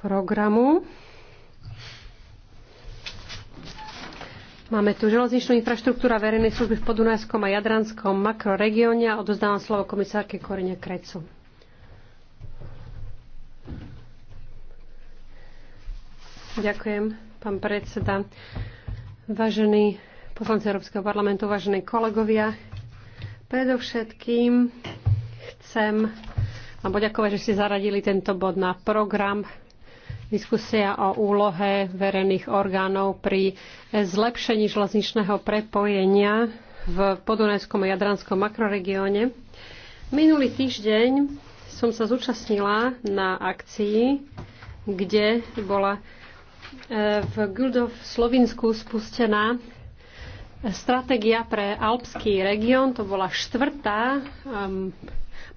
programu. Máme tu železničnú infraštruktúru a verejnej služby v Podunajskom a Jadranskom makroregióne a odozdávam slovo komisárke Korene Krecu. Ďakujem, pán predseda. Vážení poslanci Európskeho parlamentu, vážení kolegovia, predovšetkým chcem vám poďakovať, že ste zaradili tento bod na program diskusia o úlohe verejných orgánov pri zlepšení železničného prepojenia v podunajskom a jadranskom makroregióne. Minulý týždeň som sa zúčastnila na akcii, kde bola e, v Guldov v Slovinsku spustená stratégia pre alpský región. To bola štvrtá um,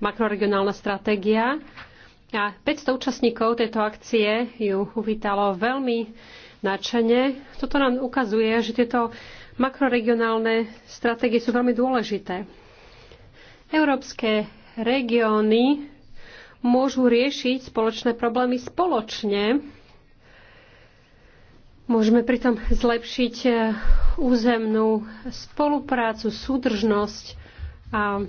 makroregionálna stratégia a 500 účastníkov tejto akcie ju uvítalo veľmi nadšene. Toto nám ukazuje, že tieto makroregionálne stratégie sú veľmi dôležité. Európske regióny môžu riešiť spoločné problémy spoločne. Môžeme pritom zlepšiť eh, územnú spoluprácu, súdržnosť a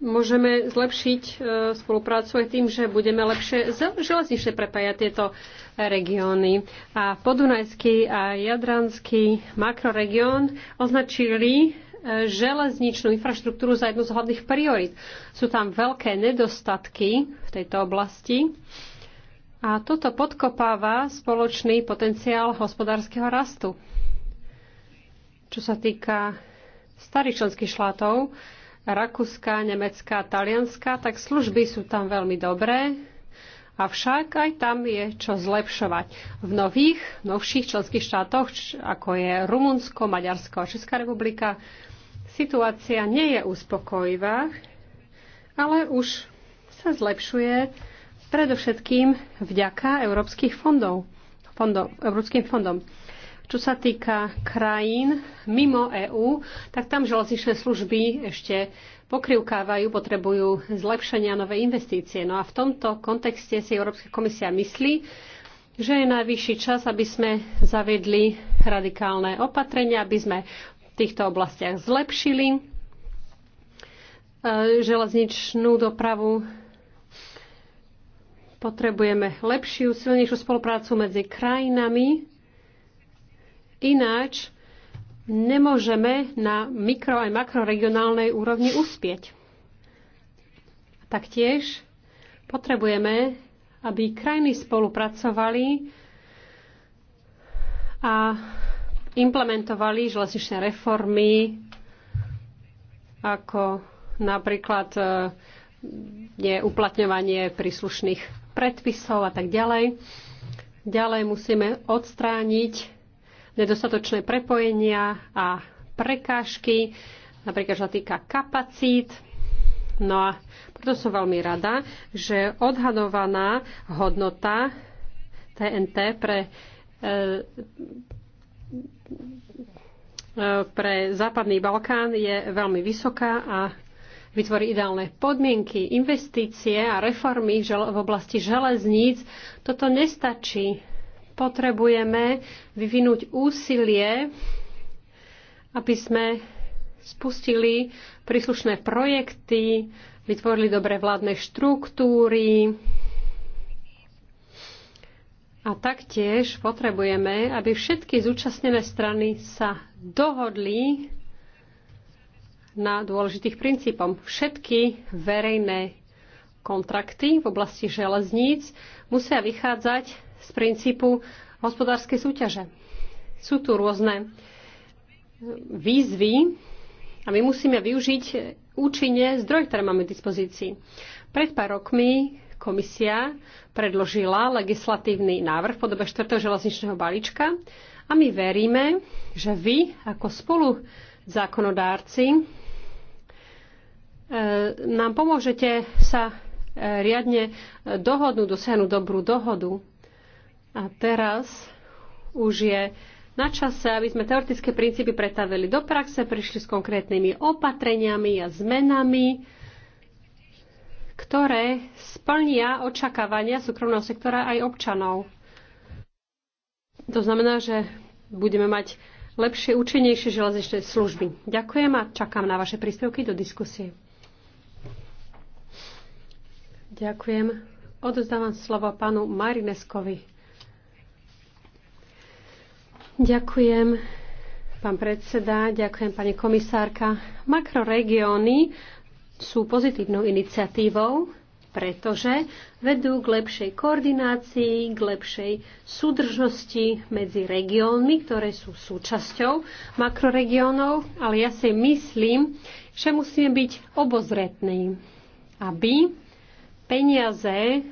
môžeme zlepšiť e, spoluprácu aj tým, že budeme lepšie železnične prepájať tieto regióny. A Podunajský a Jadranský makroregión označili e, železničnú infraštruktúru za jednu z hlavných priorit. Sú tam veľké nedostatky v tejto oblasti a toto podkopáva spoločný potenciál hospodárskeho rastu. Čo sa týka starých členských šlátov, Rakúska, Nemecka, Talianska, tak služby sú tam veľmi dobré, avšak aj tam je čo zlepšovať. V nových, novších členských štátoch, ako je Rumunsko, Maďarsko a Česká republika, situácia nie je uspokojivá, ale už sa zlepšuje predovšetkým vďaka európskych fondov, fondov, európskym fondom. Čo sa týka krajín mimo EÚ, tak tam železničné služby ešte pokrivkávajú, potrebujú zlepšenia nové investície. No a v tomto kontexte si Európska komisia myslí, že je najvyšší čas, aby sme zaviedli radikálne opatrenia, aby sme v týchto oblastiach zlepšili e, železničnú dopravu. Potrebujeme lepšiu, silnejšiu spoluprácu medzi krajinami Ináč nemôžeme na mikro aj makroregionálnej úrovni uspieť. Taktiež potrebujeme, aby krajiny spolupracovali a implementovali železničné reformy, ako napríklad je uplatňovanie príslušných predpisov a tak ďalej. Ďalej musíme odstrániť nedostatočné prepojenia a prekážky, napríklad čo sa týka kapacít. No a preto som veľmi rada, že odhadovaná hodnota TNT pre, e, e, pre Západný Balkán je veľmi vysoká a vytvorí ideálne podmienky, investície a reformy v oblasti železníc. Toto nestačí potrebujeme vyvinúť úsilie, aby sme spustili príslušné projekty, vytvorili dobré vládne štruktúry, a taktiež potrebujeme, aby všetky zúčastnené strany sa dohodli na dôležitých princípom. Všetky verejné kontrakty v oblasti železníc musia vychádzať z princípu hospodárskej súťaže. Sú tu rôzne výzvy a my musíme využiť účinne zdroj, ktoré máme k dispozícii. Pred pár rokmi komisia predložila legislatívny návrh v podobe 4. železničného balíčka a my veríme, že vy ako spolu zákonodárci e, nám pomôžete sa e, riadne dohodnúť, dosiahnuť dobrú dohodu. A teraz už je na čase, aby sme teoretické princípy pretavili do praxe, prišli s konkrétnymi opatreniami a zmenami, ktoré splnia očakávania súkromného sektora aj občanov. To znamená, že budeme mať lepšie, účinnejšie železničné služby. Ďakujem a čakám na vaše príspevky do diskusie. Ďakujem. Odozdávam slovo pánu Marineskovi. Ďakujem, pán predseda, ďakujem, pani komisárka. Makroregióny sú pozitívnou iniciatívou, pretože vedú k lepšej koordinácii, k lepšej súdržnosti medzi regiónmi, ktoré sú súčasťou makroregiónov, ale ja si myslím, že musíme byť obozretní, aby peniaze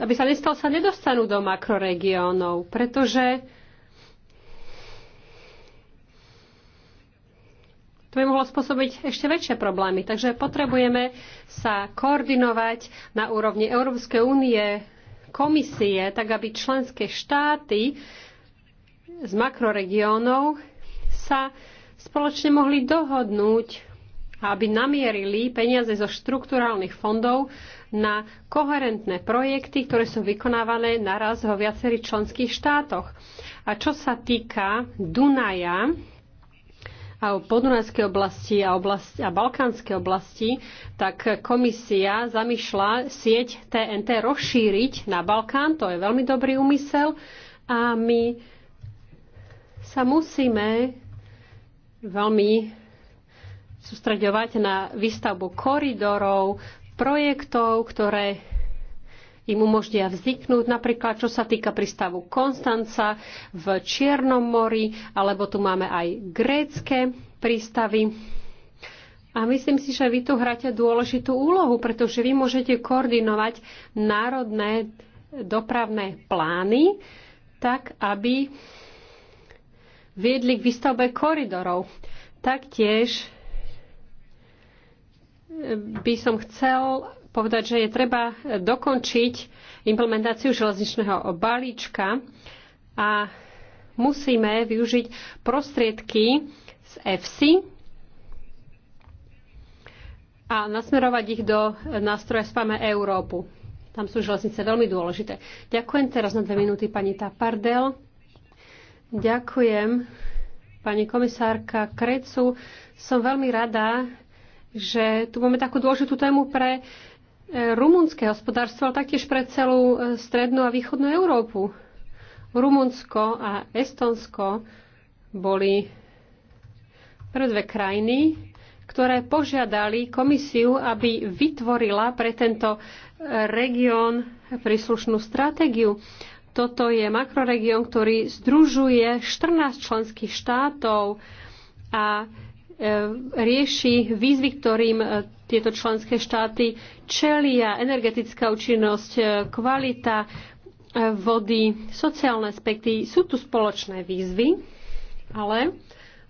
aby sa nestal, sa nedostanú do makroregiónov, pretože to by mohlo spôsobiť ešte väčšie problémy. Takže potrebujeme sa koordinovať na úrovni Európskej únie, komisie, tak aby členské štáty z makroregiónov sa spoločne mohli dohodnúť, aby namierili peniaze zo štrukturálnych fondov na koherentné projekty, ktoré sú vykonávané naraz vo viacerých členských štátoch. A čo sa týka Dunaja, a podunajskej oblasti a, oblasti a balkánskej oblasti, tak komisia zamýšľa sieť TNT rozšíriť na Balkán. To je veľmi dobrý úmysel. A my sa musíme veľmi sústreďovať na výstavbu koridorov, projektov, ktoré im umožnia vzniknúť, napríklad čo sa týka prístavu Konstanca v Čiernom mori, alebo tu máme aj grécké prístavy. A myslím si, že vy tu hráte dôležitú úlohu, pretože vy môžete koordinovať národné dopravné plány tak, aby viedli k výstavbe koridorov. Taktiež by som chcel povedať, že je treba dokončiť implementáciu železničného balíčka a musíme využiť prostriedky z EFSI a nasmerovať ich do nástroja Spame Európu. Tam sú železnice veľmi dôležité. Ďakujem teraz na dve minúty pani Tapardel. Ďakujem pani komisárka Krecu. Som veľmi rada, že tu máme takú dôležitú tému pre e, rumunské hospodárstvo, ale taktiež pre celú e, strednú a východnú Európu. Rumunsko a Estonsko boli prvé dve krajiny, ktoré požiadali komisiu, aby vytvorila pre tento e, región príslušnú stratégiu. Toto je makroregión, ktorý združuje 14 členských štátov a E, rieši výzvy, ktorým e, tieto členské štáty čelia, energetická účinnosť, e, kvalita vody, sociálne aspekty. Sú tu spoločné výzvy, ale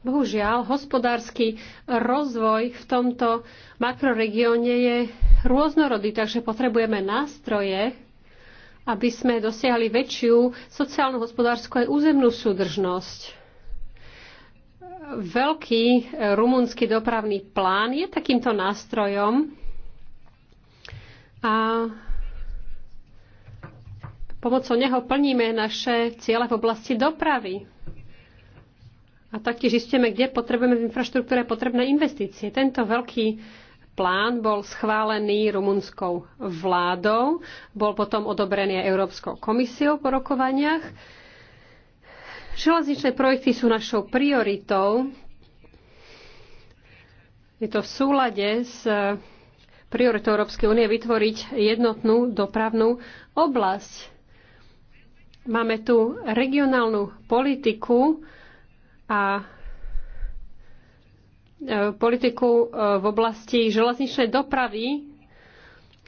bohužiaľ hospodársky rozvoj v tomto makroregióne je rôznorodý, takže potrebujeme nástroje, aby sme dosiahli väčšiu sociálnu, hospodárskú aj územnú súdržnosť veľký eh, rumunský dopravný plán je takýmto nástrojom a pomocou neho plníme naše ciele v oblasti dopravy. A taktiež zistíme, kde potrebujeme v infraštruktúre potrebné investície. Tento veľký plán bol schválený rumunskou vládou, bol potom odobrený aj Európskou komisiou po rokovaniach. Železničné projekty sú našou prioritou. Je to v súlade s prioritou Európskej únie vytvoriť jednotnú dopravnú oblasť. Máme tu regionálnu politiku a e, politiku e, v oblasti železničnej dopravy,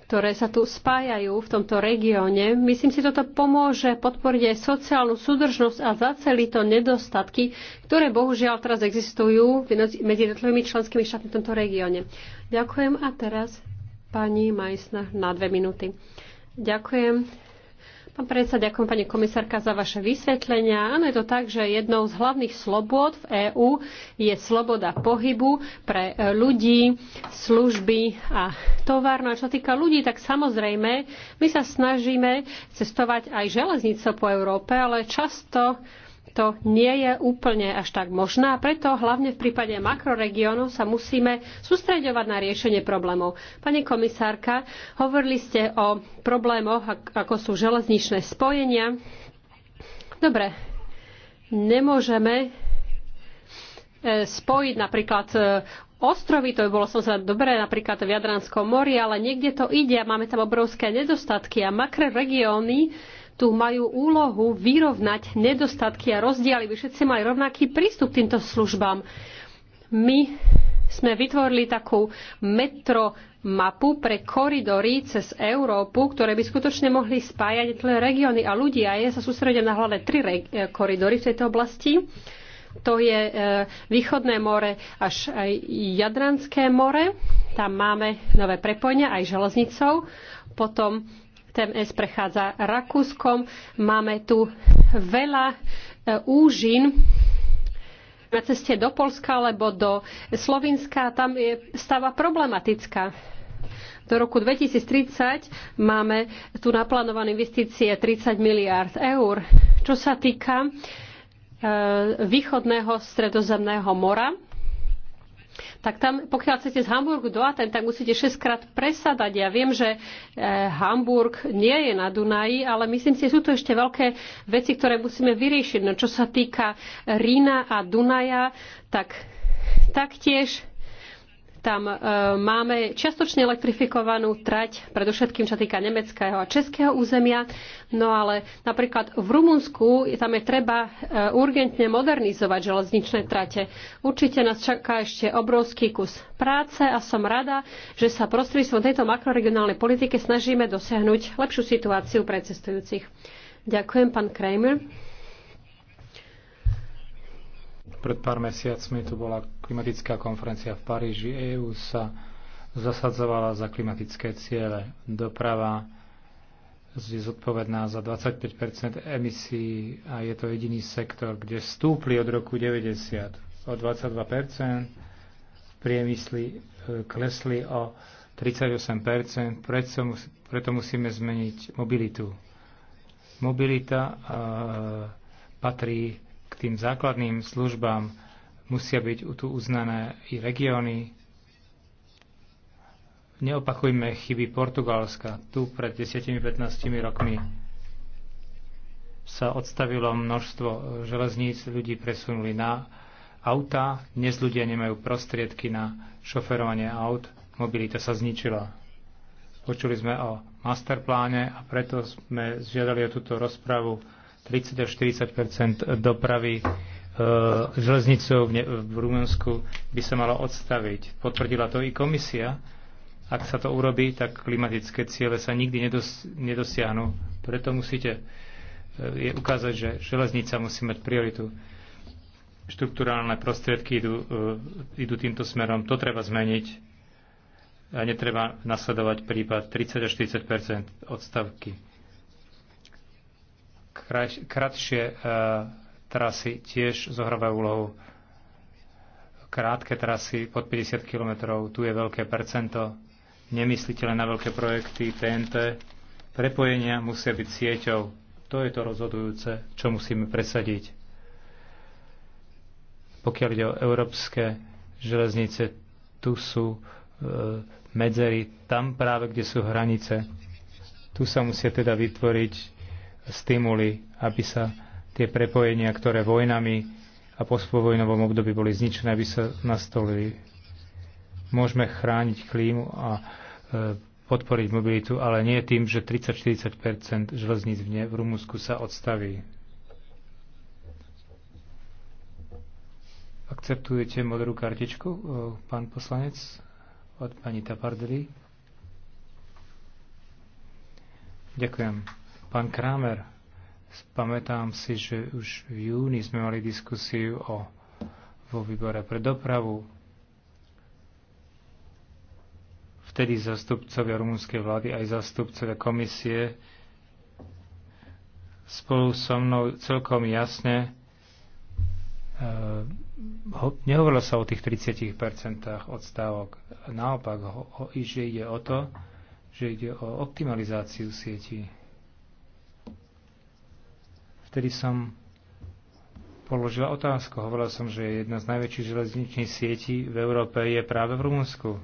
ktoré sa tu spájajú v tomto regióne. Myslím si, toto pomôže podporiť aj sociálnu súdržnosť a zaceli to nedostatky, ktoré bohužiaľ teraz existujú medzi jednotlivými členskými štátmi v tomto regióne. Ďakujem a teraz pani Majsna na dve minúty. Ďakujem. Pán predseda, ďakujem pani komisárka za vaše vysvetlenia. Áno, je to tak, že jednou z hlavných slobod v EÚ je sloboda pohybu pre ľudí, služby a tovar. No a čo týka ľudí, tak samozrejme, my sa snažíme cestovať aj železnicou po Európe, ale často to nie je úplne až tak možné a preto hlavne v prípade makroregiónov sa musíme sústreďovať na riešenie problémov. Pani komisárka, hovorili ste o problémoch, ako sú železničné spojenia. Dobre, nemôžeme e, spojiť napríklad e, ostrovy, to by bolo som sa dobré, napríklad v Jadranskom mori, ale niekde to ide a máme tam obrovské nedostatky a makroregióny regióny tu majú úlohu vyrovnať nedostatky a rozdiely, by všetci mali rovnaký prístup k týmto službám. My sme vytvorili takú metro mapu pre koridory cez Európu, ktoré by skutočne mohli spájať tie regióny a ľudia. Ja sa sústredím na hlavne tri e, koridory v tejto oblasti to je e, Východné more až Jadranské more. Tam máme nové prepojenia aj železnicou. Potom TMS prechádza Rakúskom. Máme tu veľa e, úžin na ceste do Polska alebo do Slovinska. Tam je stava problematická. Do roku 2030 máme tu naplánované investície 30 miliárd eur. Čo sa týka e, východného stredozemného mora, tak tam, pokiaľ chcete z Hamburgu do Aten, tak musíte 6 krát presadať. Ja viem, že e, Hamburg nie je na Dunaji, ale myslím si, že sú to ešte veľké veci, ktoré musíme vyriešiť. No čo sa týka Rína a Dunaja, tak taktiež tam e, máme čiastočne elektrifikovanú trať, predovšetkým čo týka nemeckého a českého územia. No ale napríklad v Rumunsku tam je treba e, urgentne modernizovať železničné trate. Určite nás čaká ešte obrovský kus práce a som rada, že sa prostredstvom tejto makroregionálnej politiky snažíme dosiahnuť lepšiu situáciu pre cestujúcich. Ďakujem, pán Kramer. Pred pár mesiacmi tu bola klimatická konferencia v Paríži. EÚ sa zasadzovala za klimatické ciele. Doprava je zodpovedná za 25 emisí a je to jediný sektor, kde stúpli od roku 90 o 22 priemysly e, klesli o 38 preto, preto musíme zmeniť mobilitu. Mobilita e, patrí tým základným službám musia byť tu uznané i regióny. Neopakujme chyby Portugalska. Tu pred 10-15 rokmi sa odstavilo množstvo železníc, ľudí presunuli na auta, dnes ľudia nemajú prostriedky na šoferovanie aut, mobilita sa zničila. Počuli sme o masterpláne a preto sme žiadali o túto rozpravu 30 až 40 dopravy e, železnicou v, v Rumunsku by sa malo odstaviť. Potvrdila to i komisia. Ak sa to urobí, tak klimatické ciele sa nikdy nedos- nedosiahnu. Preto musíte e, je ukázať, že železnica musí mať prioritu. Štruktúrálne prostriedky idú, e, idú týmto smerom. To treba zmeniť a netreba nasledovať prípad 30 až 40 odstavky kratšie e, trasy tiež zohrávajú úlohu. Krátke trasy pod 50 km, tu je veľké percento. Nemyslíte len na veľké projekty TNT. Prepojenia musia byť sieťou. To je to rozhodujúce, čo musíme presadiť. Pokiaľ ide o európske železnice, tu sú e, medzery, tam práve, kde sú hranice. Tu sa musia teda vytvoriť stimuly, aby sa tie prepojenia, ktoré vojnami a po spovojnovom období boli zničené, aby sa nastolili. Môžeme chrániť klímu a e, podporiť mobilitu, ale nie tým, že 30-40 železníc v Rumúnsku sa odstaví. Akceptujete modrú kartičku, e, pán poslanec, od pani Tapardry? Ďakujem. Pán Kramer, pamätám si, že už v júni sme mali diskusiu o, vo výbore pre dopravu. Vtedy zastupcovia rumunskej vlády aj zastupcovia komisie spolu so mnou celkom jasne eh, nehovorilo sa o tých 30% odstávok. Naopak, ho, ho, že ide o to, že ide o optimalizáciu sieti. Vtedy som položila otázku. Hovorila som, že jedna z najväčších železničných sietí v Európe je práve v Rumunsku.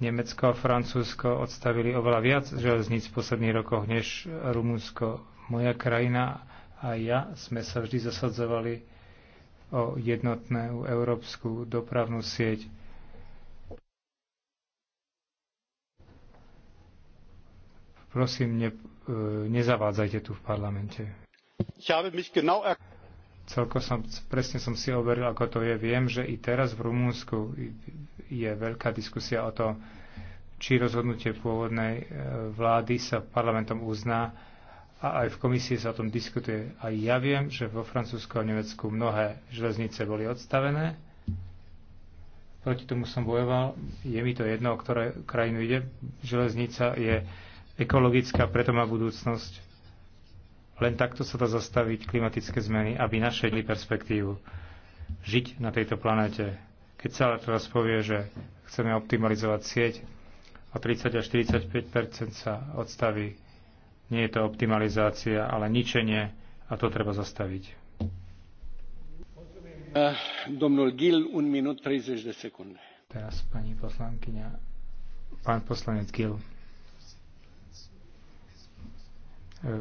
Nemecko a Francúzsko odstavili oveľa viac železníc v posledných rokoch než Rumunsko. Moja krajina a ja sme sa vždy zasadzovali o jednotnú európsku dopravnú sieť. Prosím, ne, E, nezavádzajte tu v parlamente. Er- Celko som, presne som si overil, ako to je. Viem, že i teraz v Rumúnsku je veľká diskusia o to, či rozhodnutie pôvodnej e, vlády sa parlamentom uzná a aj v komisii sa o tom diskutuje. A ja viem, že vo Francúzsku a Nemecku mnohé železnice boli odstavené. Proti tomu som bojoval. Je mi to jedno, o ktoré krajinu ide. Železnica je ekologická, preto má budúcnosť. Len takto sa dá zastaviť klimatické zmeny, aby našli perspektívu žiť na tejto planéte. Keď sa teraz povie, že chceme optimalizovať sieť a 30 až 45 sa odstaví, nie je to optimalizácia, ale ničenie a to treba zastaviť. Domnul Gil, 30 Teraz pani poslankyňa, pán poslanec Gil.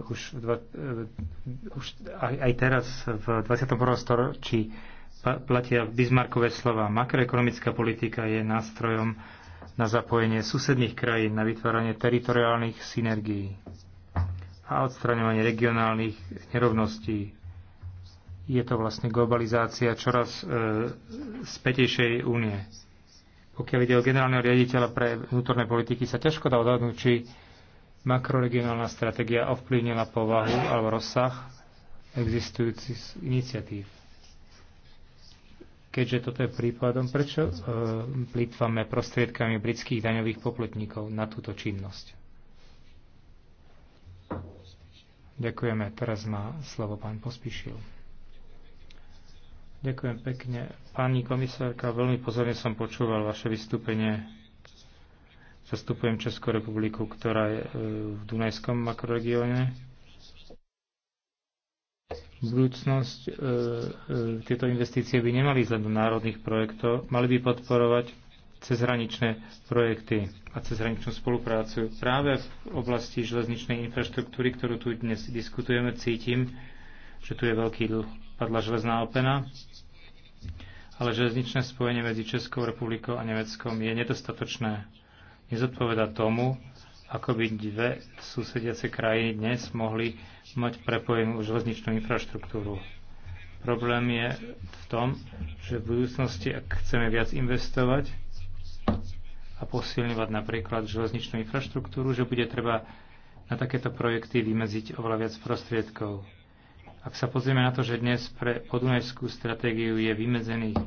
už, dva, e, už aj, aj teraz v 21. storočí platia Bismarckové slova. Makroekonomická politika je nástrojom na zapojenie susedných krajín, na vytváranie teritoriálnych synergií a odstraňovanie regionálnych nerovností. Je to vlastne globalizácia čoraz e, spätejšej únie. Pokiaľ ide o generálneho riaditeľa pre vnútorné politiky, sa ťažko dá odhadnúť, či makroregionálna stratégia ovplyvnila povahu alebo rozsah existujúcich iniciatív. Keďže toto je prípadom, prečo e, plýtvame prostriedkami britských daňových poplatníkov na túto činnosť? Ďakujeme. Teraz má slovo pán Pospíšil. Ďakujem pekne. Pani komisárka, veľmi pozorne som počúval vaše vystúpenie Zastupujem Českú republiku, ktorá je e, v Dunajskom makroregióne. Budúcnosť, e, e, tieto investície by nemali ísť len do národných projektov, mali by podporovať cezhraničné projekty a cezhraničnú spoluprácu. Práve v oblasti železničnej infraštruktúry, ktorú tu dnes diskutujeme, cítim, že tu je veľký dlh. Padla železná opena, ale železničné spojenie medzi Českou republikou a Nemeckom je nedostatočné nezodpoveda tomu, ako by dve susediace krajiny dnes mohli mať prepojenú železničnú infraštruktúru. Problém je v tom, že v budúcnosti, ak chceme viac investovať a posilňovať napríklad železničnú infraštruktúru, že bude treba na takéto projekty vymedziť oveľa viac prostriedkov. Ak sa pozrieme na to, že dnes pre podunajskú stratégiu je vymedzených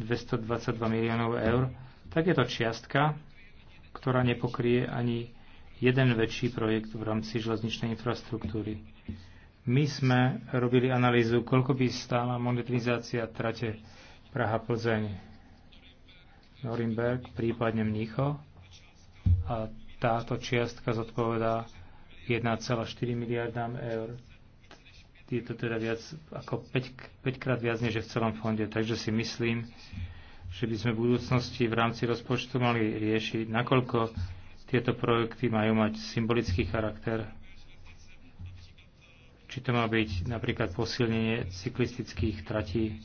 222 miliónov eur, tak je to čiastka, ktorá nepokrie ani jeden väčší projekt v rámci železničnej infraštruktúry. My sme robili analýzu, koľko by stála monetizácia trate Praha-Plzeň, Norimberg, prípadne mnicho a táto čiastka zodpovedá 1,4 miliardám eur. Je to teda viac ako 5, 5 krát viac než v celom fonde, takže si myslím, že by sme v budúcnosti v rámci rozpočtu mali riešiť, nakoľko tieto projekty majú mať symbolický charakter, či to má byť napríklad posilnenie cyklistických tratí,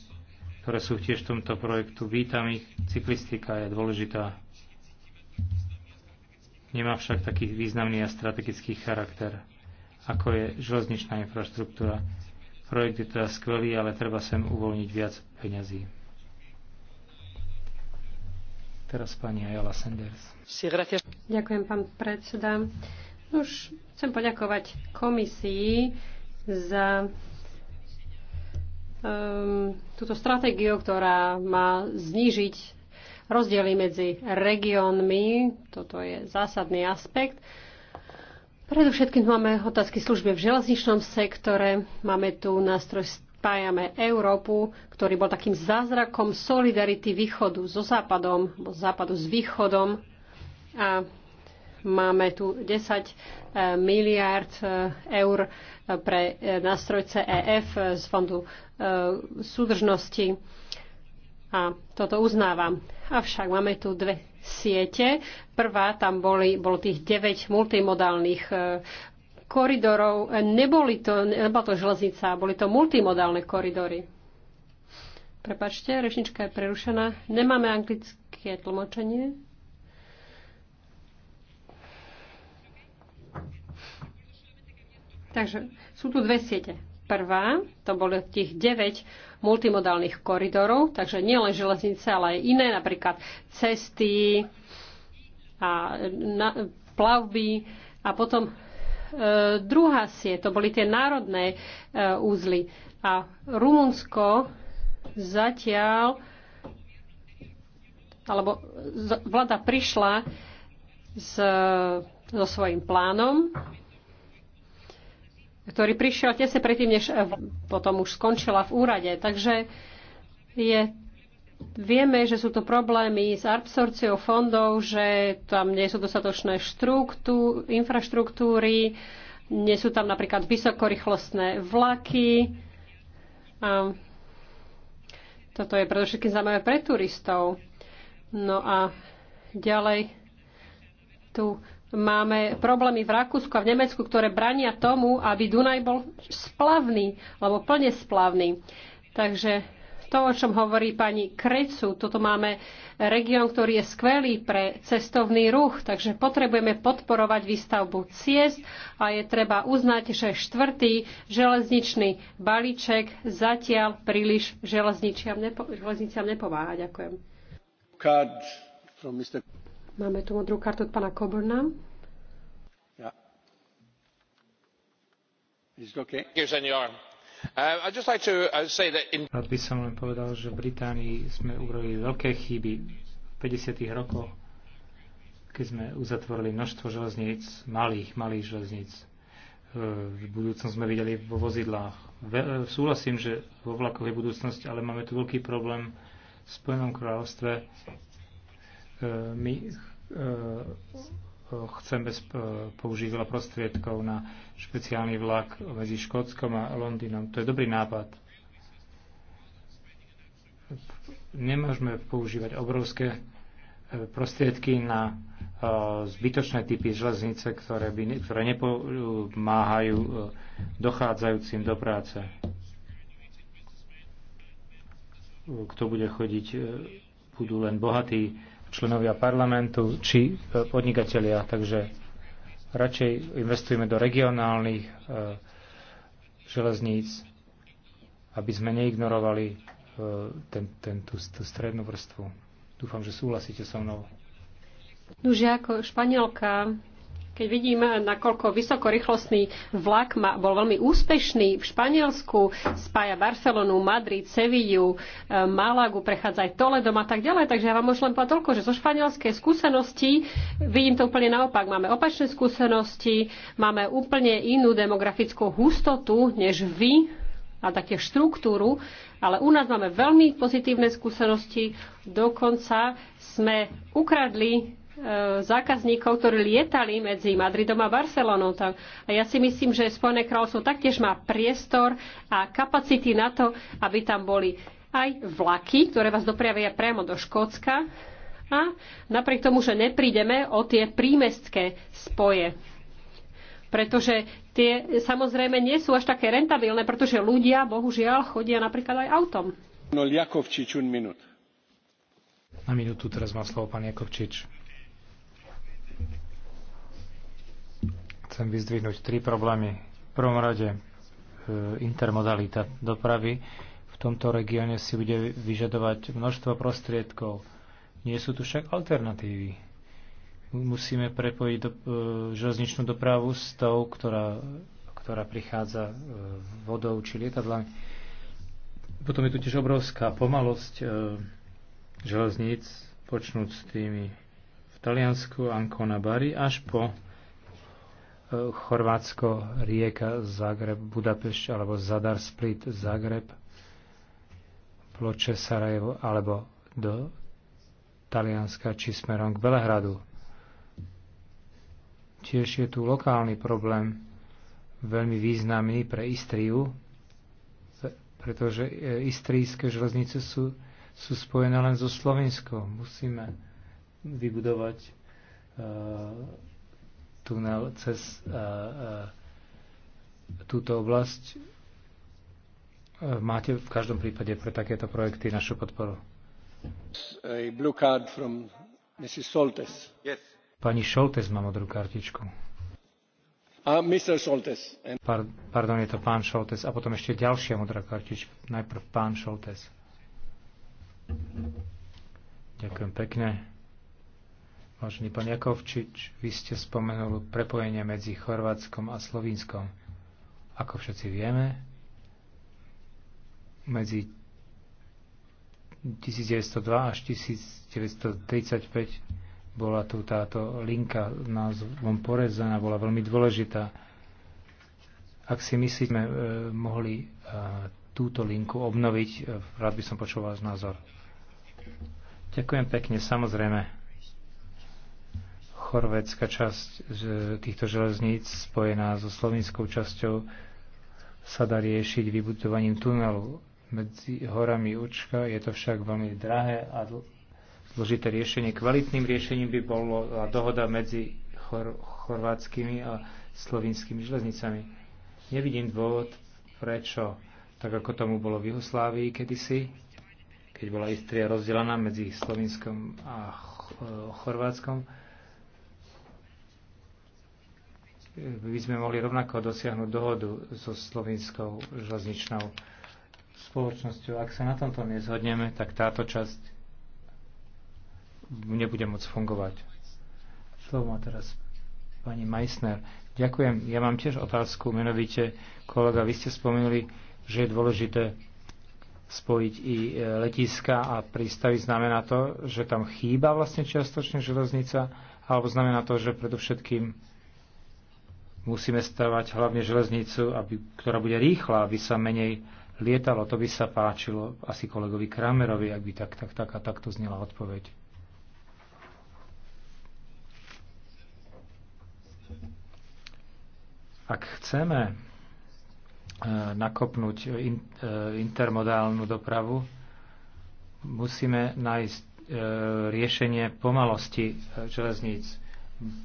ktoré sú tiež v tomto projektu. Vítam ich, cyklistika je dôležitá. Nemá však taký významný a strategický charakter, ako je železničná infraštruktúra. Projekt je teda skvelý, ale treba sem uvoľniť viac peňazí. Teraz pani Ayala Sanders. Ďakujem, pán predseda. Už chcem poďakovať komisii za um, túto stratégiu, ktorá má znížiť rozdiely medzi regiónmi. Toto je zásadný aspekt. Predovšetkým máme otázky služby v železničnom sektore, máme tu nástroj spájame Európu, ktorý bol takým zázrakom solidarity východu so západom, západu s východom. A máme tu 10 e, miliárd e, eur e, pre nástroj CEF z Fondu súdržnosti. A toto uznávam. Avšak máme tu dve siete. Prvá, tam boli, bolo tých 9 multimodálnych koridorov, e, neboli to, nebola to železnica, boli to multimodálne koridory. Prepačte, rečnička je prerušená. Nemáme anglické tlmočenie. Takže sú tu dve siete. Prvá, to bolo tých 9 multimodálnych koridorov, takže nielen železnice, ale aj iné, napríklad cesty a na, plavby. A potom Eh, druhá sieť, to boli tie národné eh, úzly. A Rumunsko zatiaľ, alebo vláda prišla s, so svojím plánom, ktorý prišiel tesne predtým, než potom už skončila v úrade. Takže je Vieme, že sú to problémy s absorciou fondov, že tam nie sú dostatočné štruktú, infraštruktúry, nie sú tam napríklad vysokorýchlostné vlaky. A toto je predovšetkým zaujímavé pre turistov. No a ďalej tu máme problémy v Rakúsku a v Nemecku, ktoré brania tomu, aby Dunaj bol splavný, alebo plne splavný. Takže to, o čom hovorí pani Krecu, toto máme región, ktorý je skvelý pre cestovný ruch, takže potrebujeme podporovať výstavbu ciest a je treba uznať, že štvrtý železničný balíček zatiaľ príliš železničiam, nepo, železničiam nepováha. Ďakujem. Máme tu modrú kartu od pána Coburna. Yeah. Okay. Uh, uh, Rád by som len povedal, že v Británii sme urobili veľké chyby v 50. rokoch, keď sme uzatvorili množstvo železníc, malých, malých železníc. Uh, v budúcnosti sme videli vo vozidlách. Súhlasím, že vo vlakoch je budúcnosť, ale máme tu veľký problém v Spojenom kráľovstve. My chceme e, použiť veľa prostriedkov na špeciálny vlak medzi Škótskom a Londýnom. To je dobrý nápad. Nemôžeme používať obrovské e, prostriedky na e, zbytočné typy železnice, ktoré, by, ktoré nepomáhajú dochádzajúcim do práce. Kto bude chodiť, budú len bohatí členovia parlamentu či e, podnikatelia. Takže radšej investujeme do regionálnych e, železníc, aby sme neignorovali e, ten, ten, tú, tú strednú vrstvu. Dúfam, že súhlasíte so mnou. Nuže ako španielka keď vidím, nakoľko vysokorýchlostný vlak ma, bol veľmi úspešný v Španielsku, spája Barcelonu, Madrid, Sevillu, e, Malagu, prechádza aj Toledom a tak ďalej. Takže ja vám môžem len povedať toľko, že zo španielskej skúsenosti vidím to úplne naopak. Máme opačné skúsenosti, máme úplne inú demografickú hustotu než vy a také štruktúru, ale u nás máme veľmi pozitívne skúsenosti. Dokonca sme ukradli E, zákazníkov, ktorí lietali medzi Madridom a Barcelonou. A ja si myslím, že Spojené kráľovstvo taktiež má priestor a kapacity na to, aby tam boli aj vlaky, ktoré vás dopravia priamo do Škótska a napriek tomu, že neprídeme o tie prímestské spoje. Pretože tie samozrejme nie sú až také rentabilné, pretože ľudia, bohužiaľ, chodia napríklad aj autom. No un minút. Na minútu teraz má slovo pán Jakovčič. chcem vyzdvihnúť tri problémy. V prvom rade e, intermodalita dopravy. V tomto regióne si bude vyžadovať množstvo prostriedkov. Nie sú tu však alternatívy. Musíme prepojiť do, e, železničnú dopravu s tou, ktorá, ktorá prichádza e, vodou či lietadlami. Potom je tu tiež obrovská pomalosť e, železníc, počnúť s tými v Taliansku, Ancona, Bari, až po Chorvátsko, Rieka, Zagreb, Budapešť alebo Zadar, Split, Zagreb, Ploče, Sarajevo alebo do Talianska či smerom k Belehradu. Tiež je tu lokálny problém, veľmi významný pre Istriu, pretože e, istrijské železnice sú, sú spojené len so Slovenskom. Musíme vybudovať uh, tunel cez uh, uh, túto oblasť. E, máte v každom prípade pre takéto projekty našu podporu. A blue card from Mrs. Soltes. Yes. Pani Šoltes má modrú kartičku. A Mr. Šoltes. And... Par- pardon, je to pán Šoltes. A potom ešte ďalšia modrá kartička. Najprv pán Šoltes. Ďakujem pekne. Vážený pán Jakovčič, vy ste spomenul prepojenie medzi Chorvátskom a Slovinskom, Ako všetci vieme, medzi 1902 až 1935 bola tu táto linka názvom porezaná, bola veľmi dôležitá. Ak si myslíme, e, mohli e, túto linku obnoviť. E, rád by som počul váš názor. Ďakujem pekne, samozrejme chorvédska časť týchto železníc spojená so slovinskou časťou sa dá riešiť vybudovaním tunelu. Medzi horami Učka je to však veľmi drahé a zložité riešenie. Kvalitným riešením by bolo dohoda medzi chor- chorvátskymi a slovinskými železnicami. Nevidím dôvod, prečo, tak ako tomu bolo v Juhoslávii kedysi, keď bola Istria rozdelená medzi Slovinskom a Chorvátskom, by sme mohli rovnako dosiahnuť dohodu so slovinskou železničnou spoločnosťou. Ak sa na tomto nezhodneme, tak táto časť nebude môcť fungovať. Slovo má teraz pani Meissner. Ďakujem. Ja mám tiež otázku. Menovite, kolega, vy ste spomenuli, že je dôležité spojiť i e, letiska a prístavy. Znamená to, že tam chýba vlastne čiastočne železnica, alebo znamená to, že predovšetkým Musíme stavať hlavne železnicu, aby, ktorá bude rýchla, aby sa menej lietalo. To by sa páčilo asi kolegovi Kramerovi, ak by tak, tak, tak a takto znela odpoveď. Ak chceme e, nakopnúť e, e, intermodálnu dopravu, musíme nájsť riešenie pomalosti železníc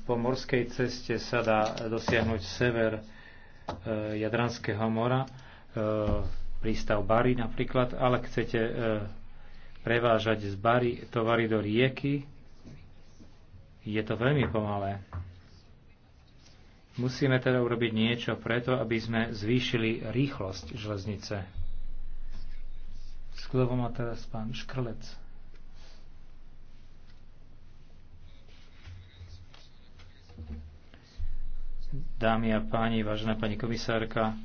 po morskej ceste sa dá dosiahnuť sever e, Jadranského mora, e, prístav Bari napríklad, ale chcete e, prevážať z Bari tovary do rieky, je to veľmi pomalé. Musíme teda urobiť niečo preto, aby sme zvýšili rýchlosť železnice. Sklovo má teraz pán Škrlec. Dámy a páni, vážená pani komisárka,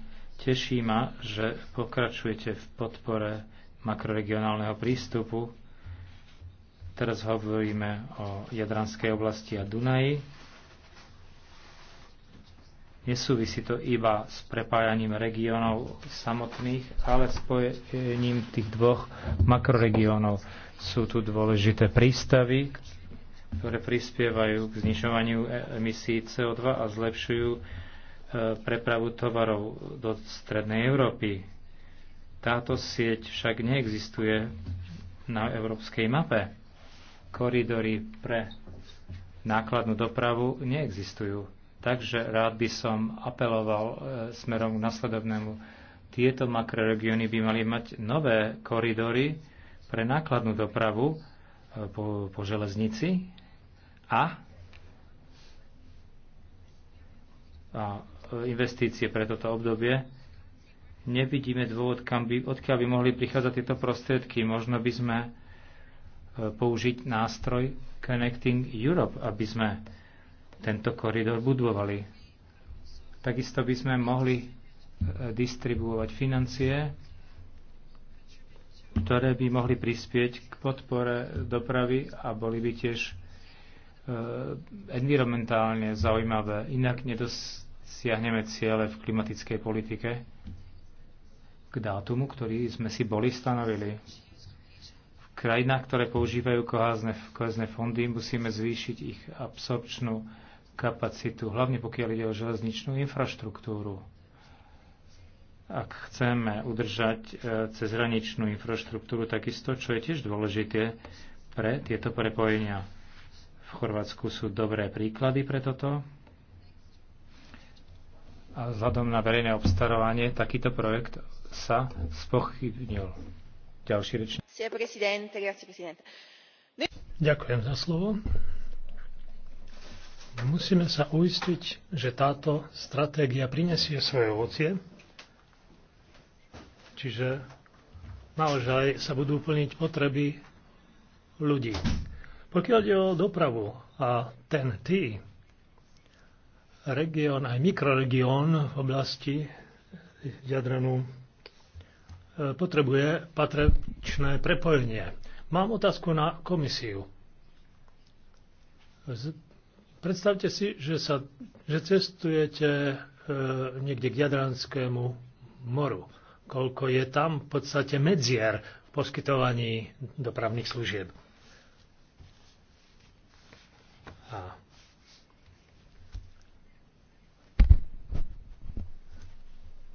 teší ma, že pokračujete v podpore makroregionálneho prístupu. Teraz hovoríme o Jadranskej oblasti a Dunaji. Nesúvisí to iba s prepájaním regiónov samotných, ale spojením tých dvoch makroregiónov. Sú tu dôležité prístavy, ktoré prispievajú k znižovaniu e- emisí CO2 a zlepšujú e, prepravu tovarov do Strednej Európy. Táto sieť však neexistuje na európskej mape. Koridory pre nákladnú dopravu neexistujú. Takže rád by som apeloval e, smerom k nasledovnému. Tieto makroregióny by mali mať nové koridory pre nákladnú dopravu po, po železnici, a, a e, investície pre toto obdobie, nevidíme dôvod, kam by, odkiaľ by mohli prichádzať tieto prostriedky. Možno by sme e, použiť nástroj Connecting Europe, aby sme tento koridor budovali. Takisto by sme mohli e, distribuovať financie, ktoré by mohli prispieť k podpore dopravy a boli by tiež Eh, environmentálne zaujímavé. Inak nedosiahneme ciele v klimatickej politike k dátumu, ktorý sme si boli stanovili. V krajinách, ktoré používajú kohezné fondy, musíme zvýšiť ich absorpčnú kapacitu, hlavne pokiaľ ide o železničnú infraštruktúru. Ak chceme udržať eh, cezhraničnú infraštruktúru takisto, čo je tiež dôležité pre tieto prepojenia v Chorvátsku sú dobré príklady pre toto. A vzhľadom na verejné obstarovanie takýto projekt sa spochybnil. Ďalší rečník. Ďakujem za slovo. Musíme sa uistiť, že táto stratégia prinesie svoje ovocie, čiže naozaj sa budú plniť potreby ľudí. Pokiaľ ide o dopravu a ten T, region aj mikroregión v oblasti Jadranu e, potrebuje patričné prepojenie. Mám otázku na komisiu. Predstavte si, že, sa, že cestujete e, niekde k Jadranskému moru. Koľko je tam v podstate medzier v poskytovaní dopravných služieb. A.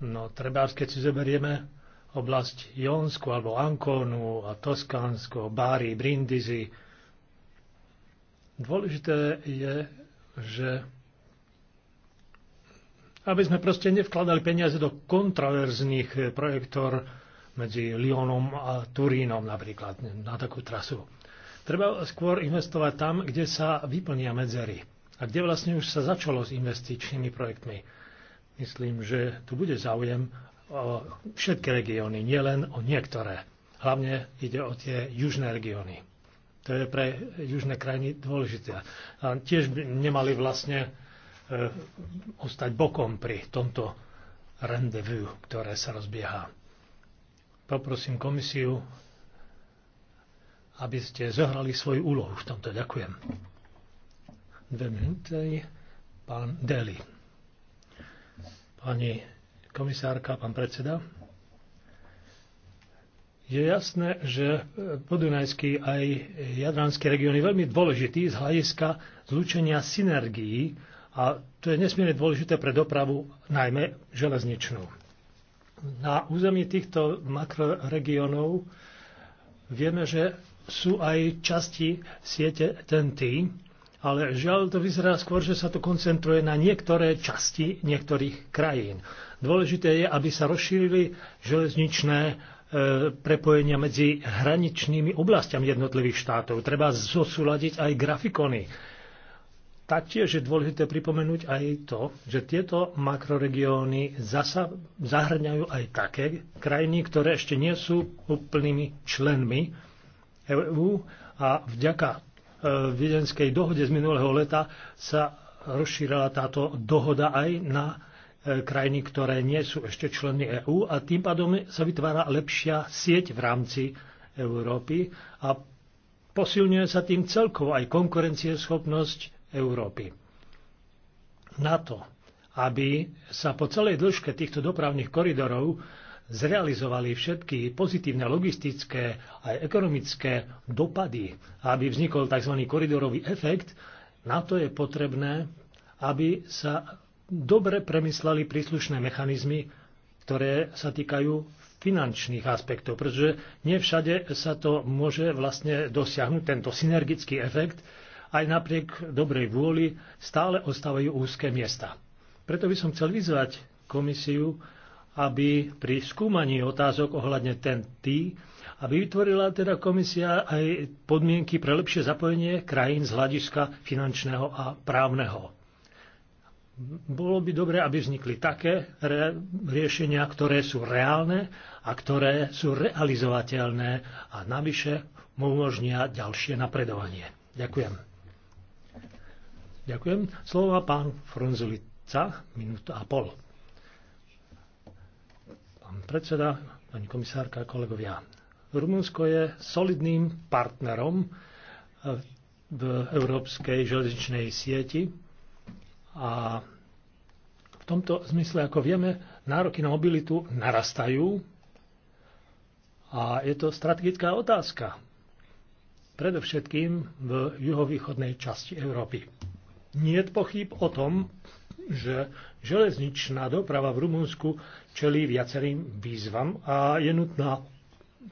No, treba, keď si zoberieme oblasť Jonsku alebo Ankonu a Toskánsko, Bári, Brindisi, dôležité je, že aby sme proste nevkladali peniaze do kontraverzných projektor medzi Lyonom a Turínom napríklad, na takú trasu. Treba skôr investovať tam, kde sa vyplnia medzery a kde vlastne už sa začalo s investičnými projektmi. Myslím, že tu bude záujem o všetky regióny, nielen o niektoré. Hlavne ide o tie južné regióny. To je pre južné krajiny dôležité. A tiež by nemali vlastne e, ostať bokom pri tomto rendezvous, ktoré sa rozbieha. Poprosím komisiu, aby ste zohrali svoju úlohu v tomto. Ďakujem. Dve minúty. Pán Deli. Pani komisárka, pán predseda. Je jasné, že podunajský aj jadranský región je veľmi dôležitý z hľadiska zlučenia synergií a to je nesmierne dôležité pre dopravu, najmä železničnú. Na území týchto makroregiónov vieme, že sú aj časti siete TNT, ale žiaľ to vyzerá skôr, že sa to koncentruje na niektoré časti niektorých krajín. Dôležité je, aby sa rozšírili železničné e, prepojenia medzi hraničnými oblastiami jednotlivých štátov. Treba zosúľadiť aj grafikony. Taktiež je dôležité pripomenúť aj to, že tieto makroregióny zasa zahrňajú aj také krajiny, ktoré ešte nie sú úplnými členmi EÚ a vďaka e, viedenskej dohode z minulého leta sa rozšírala táto dohoda aj na e, krajiny, ktoré nie sú ešte členy EÚ a tým pádom sa vytvára lepšia sieť v rámci Európy a posilňuje sa tým celkovo aj konkurencieschopnosť Európy. Na to, aby sa po celej dĺžke týchto dopravných koridorov zrealizovali všetky pozitívne logistické aj ekonomické dopady, aby vznikol tzv. koridorový efekt, na to je potrebné, aby sa dobre premysleli príslušné mechanizmy, ktoré sa týkajú finančných aspektov, pretože nevšade sa to môže vlastne dosiahnuť, tento synergický efekt, aj napriek dobrej vôli stále ostávajú úzke miesta. Preto by som chcel vyzvať komisiu, aby pri skúmaní otázok ohľadne Tý, aby vytvorila teda komisia aj podmienky pre lepšie zapojenie krajín z hľadiska finančného a právneho. Bolo by dobre, aby vznikli také riešenia, ktoré sú reálne a ktoré sú realizovateľné a navyše mu umožnia ďalšie napredovanie. Ďakujem. Ďakujem. Slovo má pán Fronzulica, minúta a pol. Pán predseda, pani komisárka, kolegovia. Rumunsko je solidným partnerom v európskej železničnej sieti a v tomto zmysle, ako vieme, nároky na mobilitu narastajú a je to strategická otázka, predovšetkým v juhovýchodnej časti Európy. Nie je pochyb o tom, že železničná doprava v Rumunsku čelí viacerým výzvam a je nutná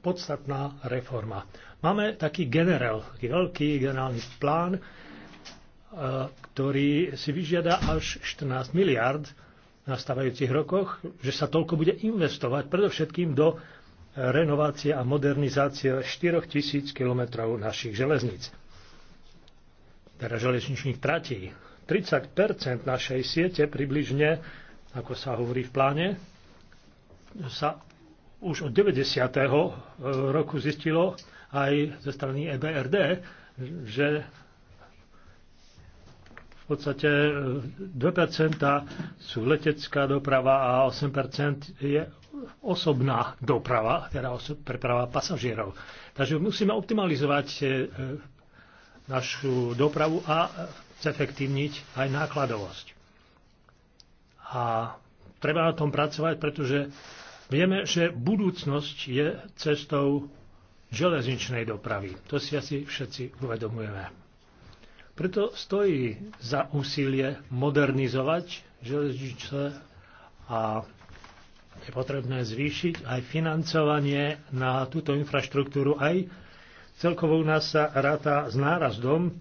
podstatná reforma. Máme taký generál, taký veľký generálny plán, e, ktorý si vyžiada až 14 miliard v nastávajúcich rokoch, že sa toľko bude investovať predovšetkým do renovácie a modernizácie 4000 kilometrov našich železníc, teda železničných tratí 30 našej siete približne, ako sa hovorí v pláne, sa už od 90. E, roku zistilo aj ze strany EBRD, že v podstate 2 e, sú letecká doprava a 8 je osobná doprava, teda preprava pasažierov. Takže musíme optimalizovať e, našu dopravu a zefektívniť aj nákladovosť. A treba na tom pracovať, pretože vieme, že budúcnosť je cestou železničnej dopravy. To si asi všetci uvedomujeme. Preto stojí za úsilie modernizovať železničné a je potrebné zvýšiť aj financovanie na túto infraštruktúru. Aj celkovo u nás sa ráta s nárazdom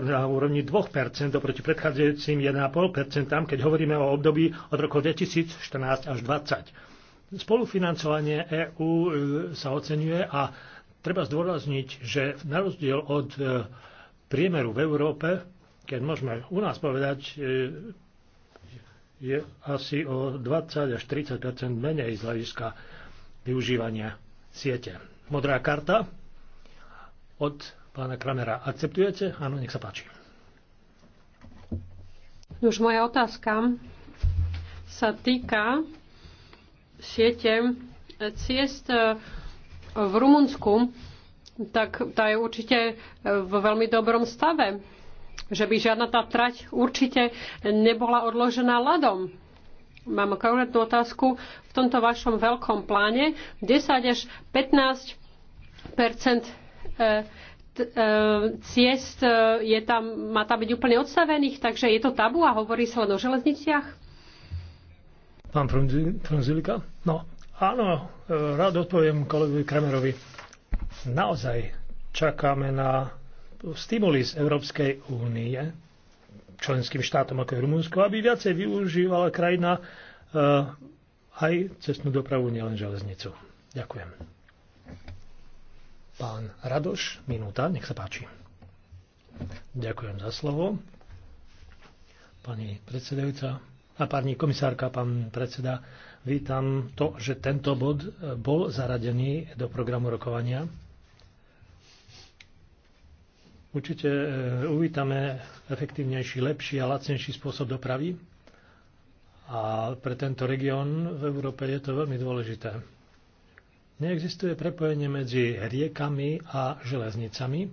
na úrovni 2% oproti predchádzajúcim 1,5%, keď hovoríme o období od roku 2014 až 2020. Spolufinancovanie EÚ e, sa oceňuje a treba zdôrazniť, že na rozdiel od e, priemeru v Európe, keď môžeme u nás povedať, e, je asi o 20 až 30 menej z hľadiska využívania siete. Modrá karta od pána Kramera. Akceptujete? Áno, nech sa páči. Už moja otázka sa týka siete e, ciest e, v Rumunsku, tak tá je určite e, v veľmi dobrom stave. Že by žiadna tá trať určite nebola odložená ľadom. Mám konkrétnu otázku. V tomto vašom veľkom pláne 10 až 15 percent E, ciest e, je tam, má tam byť úplne odstavených, takže je to tabu a hovorí sa len o železniciach? Pán Frunzilika? No, áno, e, rád odpoviem kolegovi Kramerovi. Naozaj čakáme na stimuli z Európskej únie členským štátom ako je Rumunsko, aby viacej využívala krajina aj cestnú dopravu, nielen železnicu. Ďakujem. Pán Radoš, minúta, nech sa páči. Ďakujem za slovo. Pani predsedajúca, a pani komisárka, pán predseda, vítam to, že tento bod e, bol zaradený do programu rokovania. Určite e, uvítame efektívnejší, lepší a lacnejší spôsob dopravy. A pre tento región v Európe je to veľmi dôležité. Neexistuje prepojenie medzi riekami a železnicami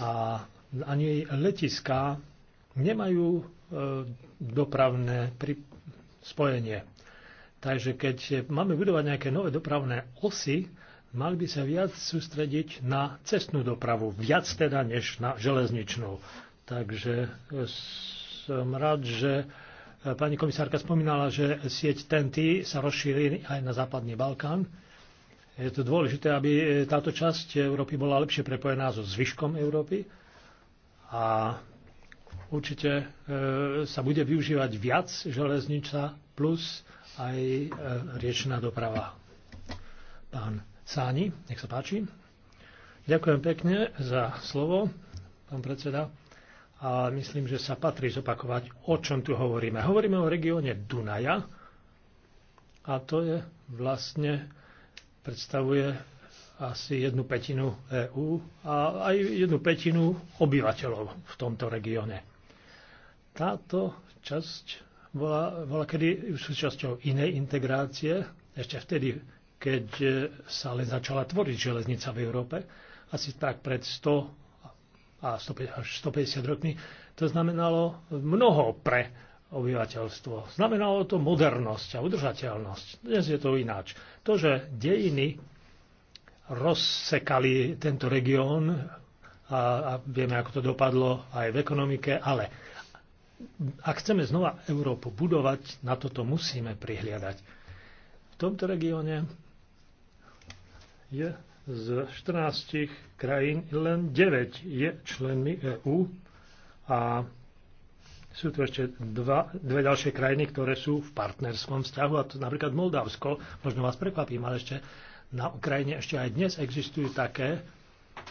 a ani letiská nemajú e, dopravné spojenie. Takže keď máme budovať nejaké nové dopravné osy, mali by sa viac sústrediť na cestnú dopravu, viac teda než na železničnú. Takže e, som rád, že e, pani komisárka spomínala, že sieť TNT sa rozšíri aj na západný Balkán je to dôležité, aby e, táto časť Európy bola lepšie prepojená so zvyškom Európy a určite e, sa bude využívať viac železnica plus aj e, riečná doprava. Pán Sáni, nech sa páči. Ďakujem pekne za slovo, pán predseda. A myslím, že sa patrí zopakovať, o čom tu hovoríme. Hovoríme o regióne Dunaja a to je vlastne predstavuje asi jednu petinu EÚ a aj jednu petinu obyvateľov v tomto regióne. Táto časť bola, bola kedy súčasťou inej integrácie, ešte vtedy, keď sa ale začala tvoriť železnica v Európe, asi tak pred 100 a 150, až 150 rokmi, to znamenalo mnoho pre obyvateľstvo. Znamenalo to modernosť a udržateľnosť. Dnes je to ináč. To, že dejiny rozsekali tento región a, a vieme, ako to dopadlo aj v ekonomike, ale ak chceme znova Európu budovať, na toto musíme prihliadať. V tomto regióne je z 14 krajín len 9 je členmi EÚ a sú tu ešte dva, dve ďalšie krajiny, ktoré sú v partnerskom vzťahu, a to napríklad Moldavsko, možno vás prekvapím, ale ešte na Ukrajine ešte aj dnes existujú také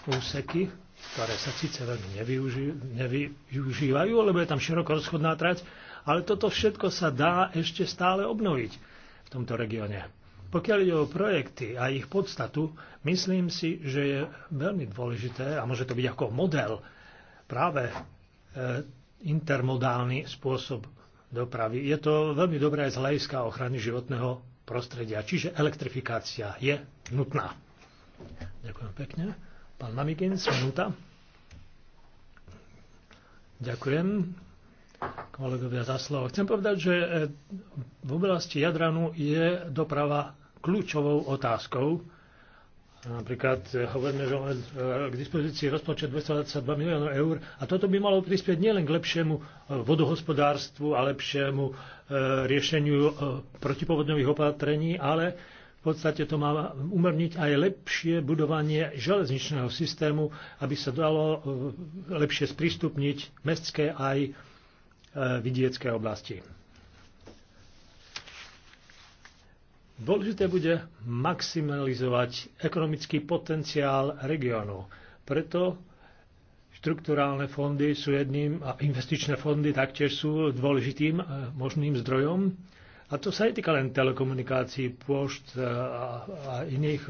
úseky, ktoré sa síce veľmi nevyužívajú, nevyužívajú, lebo je tam široko rozchodná trať, ale toto všetko sa dá ešte stále obnoviť v tomto regióne. Pokiaľ ide o projekty a ich podstatu, myslím si, že je veľmi dôležité, a môže to byť ako model práve e, intermodálny spôsob dopravy. Je to veľmi dobré z hľadiska ochrany životného prostredia, čiže elektrifikácia je nutná. Ďakujem pekne. Pán Mamikins, minúta. Ďakujem kolegovia za slovo. Chcem povedať, že eh, v oblasti Jadranu je doprava kľúčovou otázkou Napríklad eh, hovoríme, že máme eh, k dispozícii rozpočet 222 miliónov eur a toto by malo prispieť nielen k lepšiemu eh, vodohospodárstvu a lepšiemu riešeniu protipovodňových opatrení, ale v podstate to má umerniť aj lepšie budovanie železničného systému, aby sa dalo lepšie sprístupniť mestské aj vidiecké oblasti. Dôležité bude maximalizovať ekonomický potenciál regiónu. Preto štrukturálne fondy sú jedným a investičné fondy taktiež sú dôležitým eh, možným zdrojom. A to sa netýka len telekomunikácií, pošt eh, a iných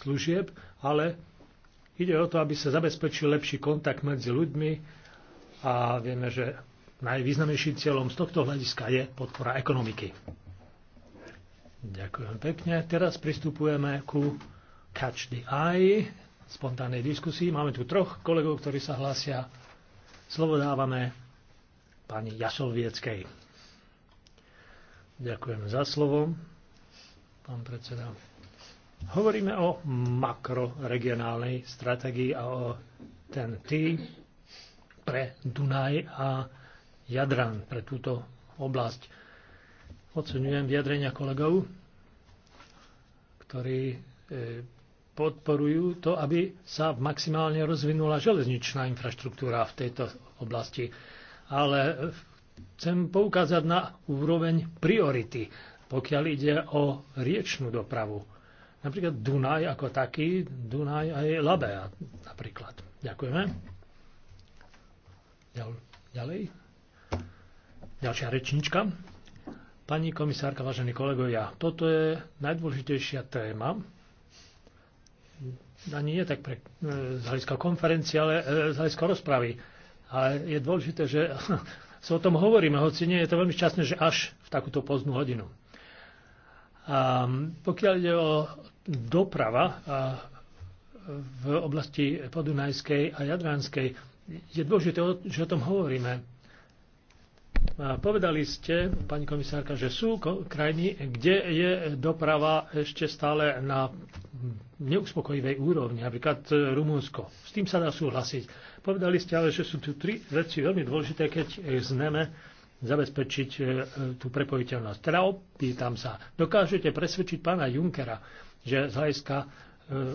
služieb, ale ide o to, aby sa zabezpečil lepší kontakt medzi ľuďmi a vieme, že najvýznamnejším cieľom z tohto hľadiska je podpora ekonomiky. Ďakujem pekne. Teraz pristupujeme ku Catch the Eye, spontánnej diskusii. Máme tu troch kolegov, ktorí sa hlásia. Slovo dávame pani Jasolvieckej. Ďakujem za slovo, pán predseda. Hovoríme o makroregionálnej stratégii a o TNT pre Dunaj a Jadran, pre túto oblasť Oceňujem vyjadrenia kolegov, ktorí e, podporujú to, aby sa maximálne rozvinula železničná infraštruktúra v tejto oblasti. Ale e, chcem poukázať na úroveň priority, pokiaľ ide o riečnú dopravu. Napríklad Dunaj ako taký, Dunaj aj Labea napríklad. Ďakujeme. ďalej. Ďalšia rečnička. Pani komisárka, vážení kolegovia, toto je najdôležitejšia téma. Ani nie tak pre, e, z hľadiska konferencie, ale e, z hľadiska rozpravy. Ale je dôležité, že sa o tom hovoríme, hoci nie je to veľmi šťastné, že až v takúto poznú hodinu. A pokiaľ ide o doprava v oblasti podunajskej a jadranskej, je dôležité, že o tom hovoríme, Povedali ste, pani komisárka, že sú krajiny, kde je doprava ešte stále na neuspokojivej úrovni, napríklad e, Rumunsko. S tým sa dá súhlasiť. Povedali ste ale, že sú tu tri veci veľmi dôležité, keď e, zneme zabezpečiť e, tú prepojiteľnosť. Teda opýtam sa, dokážete presvedčiť pána Junkera, že z hľadiska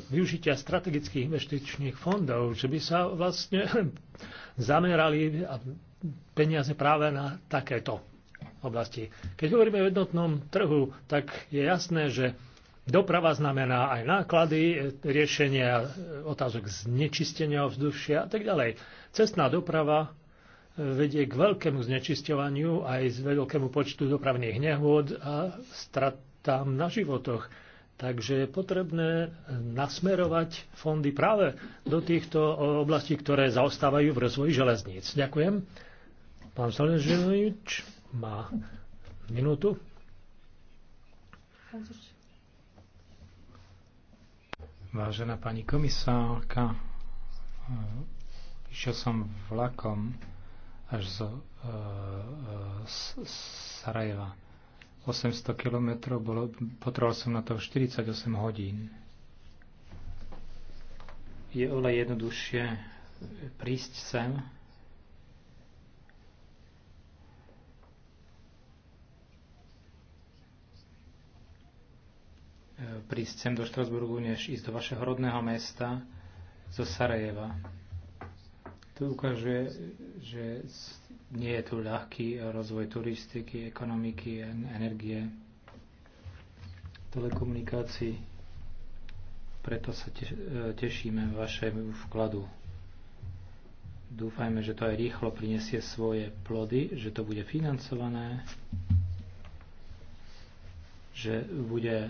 využitia strategických investičných fondov, že by sa vlastne zamerali a peniaze práve na takéto oblasti. Keď hovoríme o jednotnom trhu, tak je jasné, že doprava znamená aj náklady, e, riešenia e, otázok znečistenia vzdušia a tak ďalej. Cestná doprava e, vedie k veľkému znečisťovaniu aj z veľkému počtu dopravných nehôd a stratám na životoch. Takže je potrebné nasmerovať fondy práve do týchto oblastí, ktoré zaostávajú v rozvoji železníc. Ďakujem. Pán Zaležovič má minútu. Vážená pani komisárka, išiel som vlakom až zo e, e Sarajeva. 800 kilometrov, bolo, potreboval som na to 48 hodín. Je oveľa jednoduchšie prísť sem, prísť sem do Štrasburgu, než ísť do vašeho rodného mesta zo Sarajeva. To ukazuje, že nie je tu ľahký rozvoj turistiky, ekonomiky, energie, telekomunikácií. Preto sa e, tešíme vašemu vkladu. Dúfajme, že to aj rýchlo prinesie svoje plody, že to bude financované že bude e,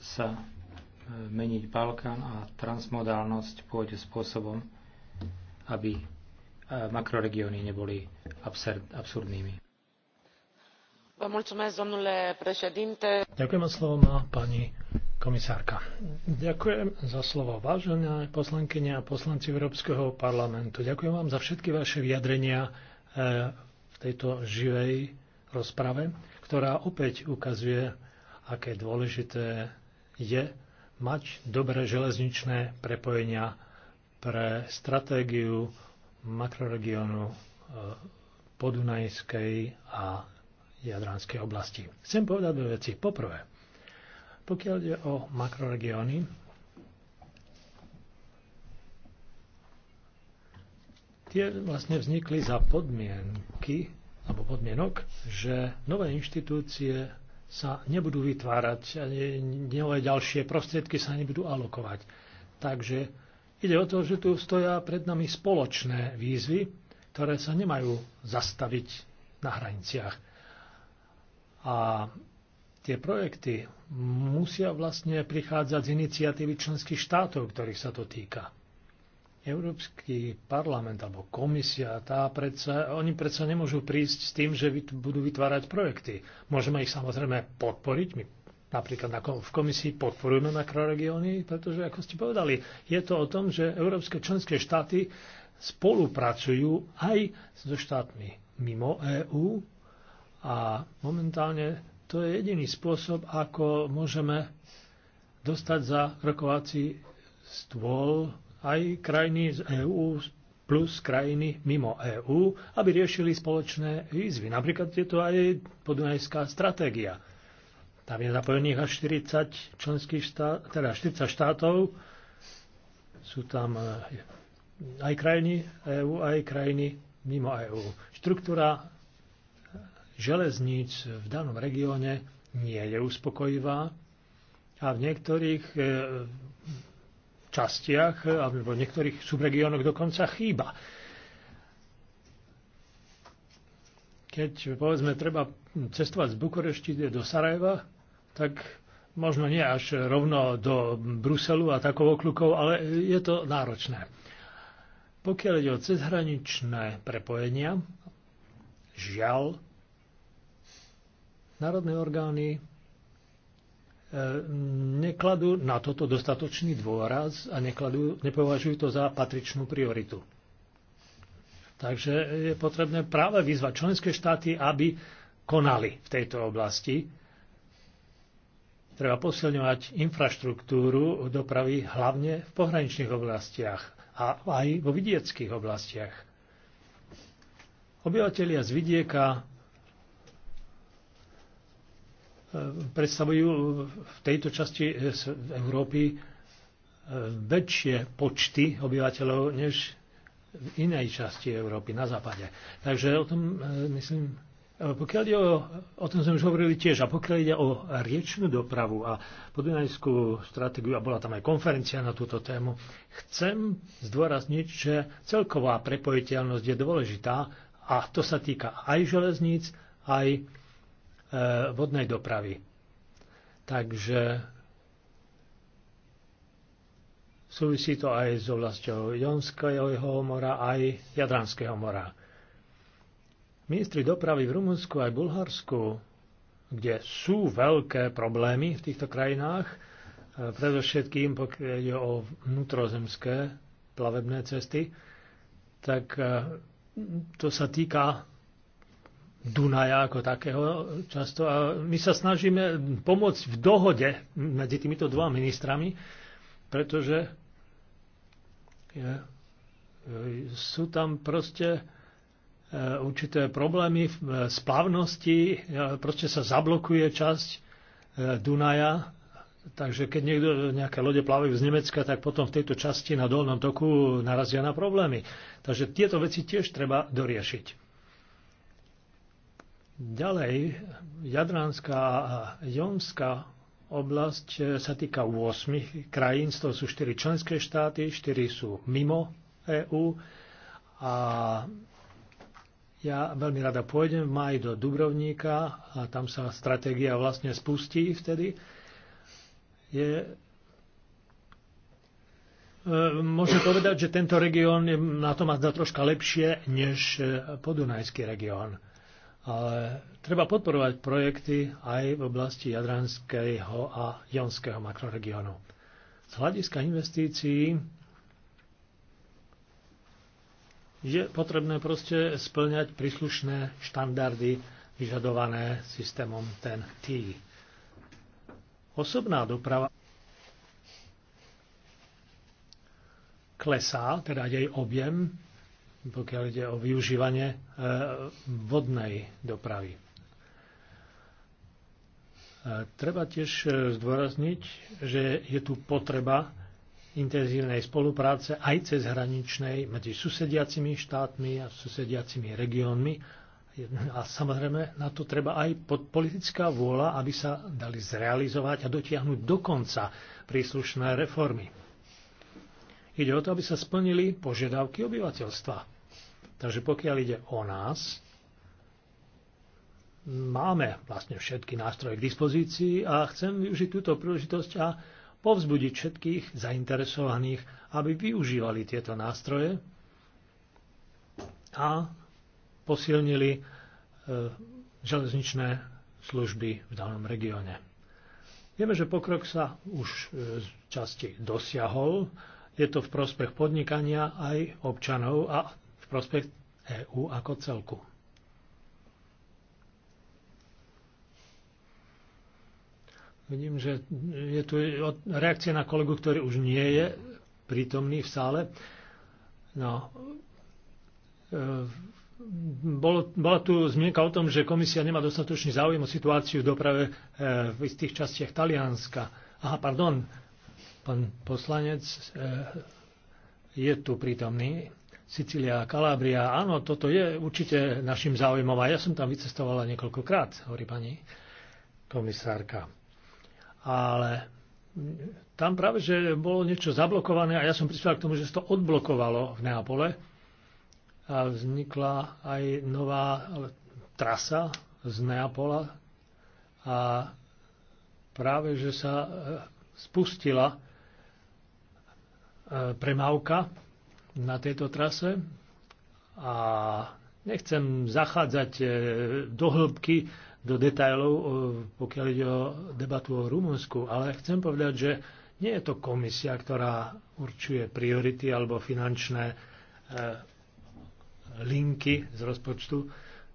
sa e, meniť Balkán a transmodálnosť pôjde spôsobom, aby e, makroregióny neboli absurdnými. Ďakujem a slovo má pani komisárka. Ďakujem za slovo, vážené poslankyne a poslanci Európskeho parlamentu. Ďakujem vám za všetky vaše vyjadrenia v tejto živej rozprave, ktorá opäť ukazuje aké dôležité je mať dobré železničné prepojenia pre stratégiu makroregiónu e, Podunajskej a Jadranskej oblasti. Chcem povedať dve veci. Poprvé, pokiaľ ide o makroregióny, tie vlastne vznikli za podmienky alebo podmienok, že nové inštitúcie sa nebudú vytvárať, nové ďalšie prostriedky sa nebudú alokovať. Takže ide o to, že tu stoja pred nami spoločné výzvy, ktoré sa nemajú zastaviť na hraniciach. A tie projekty musia vlastne prichádzať z iniciatívy členských štátov, ktorých sa to týka. Európsky parlament alebo komisia, tá predsa, oni predsa nemôžu prísť s tým, že budú vytvárať projekty. Môžeme ich samozrejme podporiť. My napríklad na, v komisii podporujeme makroregióny, pretože, ako ste povedali, je to o tom, že európske členské štáty spolupracujú aj so štátmi mimo EÚ a momentálne to je jediný spôsob, ako môžeme dostať za rokovací stôl aj krajiny z EÚ plus krajiny mimo EÚ, aby riešili spoločné výzvy. Napríklad je to aj podunajská stratégia. Tam je zapojených až 40 členských štát, teda 40 štátov. Sú tam eh, aj krajiny EÚ, aj krajiny mimo EÚ. Štruktúra eh, železníc v danom regióne nie je uspokojivá a v niektorých eh, častiach, eh, alebo v niektorých subregiónoch dokonca chýba. Keď, povedzme, treba cestovať z Bukurešti do Sarajeva, tak možno nie až rovno do Bruselu a takovou klukou, ale je to náročné. Pokiaľ ide o cezhraničné prepojenia, žiaľ, národné orgány nekladú na toto dostatočný dôraz a nekladú, nepovažujú to za patričnú prioritu. Takže je potrebné práve vyzvať členské štáty, aby konali v tejto oblasti. Treba posilňovať infraštruktúru dopravy hlavne v pohraničných oblastiach a aj vo vidieckých oblastiach. Obyvatelia z vidieka predstavujú v tejto časti Európy e, väčšie počty obyvateľov než v inej časti Európy, na západe. Takže o tom, e, myslím, e, pokiaľ ide o, o tom sme už hovorili tiež, a pokiaľ ide o riečnú dopravu a podunajskú stratégiu, a bola tam aj konferencia na túto tému, chcem zdôrazniť, že celková prepojiteľnosť je dôležitá a to sa týka aj železníc, aj Eh, vodnej dopravy. Takže súvisí to aj s oblasťou Jonského mora, aj Jadranského mora. Ministri dopravy v Rumunsku aj Bulharsku, kde sú veľké problémy v týchto krajinách, eh, predovšetkým pokiaľ ide o vnútrozemské plavebné cesty, tak eh, to sa týka Dunaja ako takého často. A my sa snažíme pomôcť v dohode medzi týmito dvoma ministrami, pretože je, e, sú tam proste e, určité problémy v e, splavnosti, proste sa zablokuje časť Dunaja, takže keď niekto, nejaké lode plávajú z Nemecka, tak potom v tejto časti na dolnom toku narazia na problémy. Takže tieto veci tiež treba doriešiť. Ďalej, Jadranská a Jomská oblasť e, sa týka 8 krajín, z toho sú 4 členské štáty, 4 sú mimo EÚ a ja veľmi rada pôjdem v maji do Dubrovníka a tam sa stratégia vlastne spustí vtedy. Je e, Môžem povedať, že tento región na to má troška lepšie než e, podunajský región. Ale treba podporovať projekty aj v oblasti Jadranského a Jonského makroregiónu. Z hľadiska investícií je potrebné proste splňať príslušné štandardy vyžadované systémom TEN-T. Osobná doprava klesá, teda jej objem, pokiaľ ide o využívanie e, vodnej dopravy. E, treba tiež e, zdôrazniť, že je tu potreba intenzívnej spolupráce aj cez hraničnej medzi susediacimi štátmi a susediacimi regiónmi. A samozrejme na to treba aj politická vôľa, aby sa dali zrealizovať a dotiahnuť do konca príslušné reformy. Ide o to, aby sa splnili požiadavky obyvateľstva. Takže pokiaľ ide o nás, máme vlastne všetky nástroje k dispozícii a chcem využiť túto príležitosť a povzbudiť všetkých zainteresovaných, aby využívali tieto nástroje a posilnili e, železničné služby v danom regióne. Vieme, že pokrok sa už e, z časti dosiahol, je to v prospech podnikania aj občanov a prospekt prospech EÚ ako celku. Vidím, že je tu reakcia na kolegu, ktorý už nie je prítomný v sále. No, e, bol, bola tu zmienka o tom, že komisia nemá dostatočný záujem o situáciu v doprave e, v istých častiach Talianska. Aha, pardon, pán poslanec e, je tu prítomný. Sicília a Kalábria. Áno, toto je určite našim záujmom a ja som tam vycestovala niekoľkokrát, hovorí pani komisárka. Ale tam práve, že bolo niečo zablokované a ja som prispel k tomu, že sa to odblokovalo v Neapole a vznikla aj nová trasa z Neapola a práve, že sa spustila e, premávka na tejto trase a nechcem zachádzať e, do hĺbky, do detajlov, e, pokiaľ ide o debatu o Rumunsku, ale chcem povedať, že nie je to komisia, ktorá určuje priority alebo finančné e, linky z rozpočtu.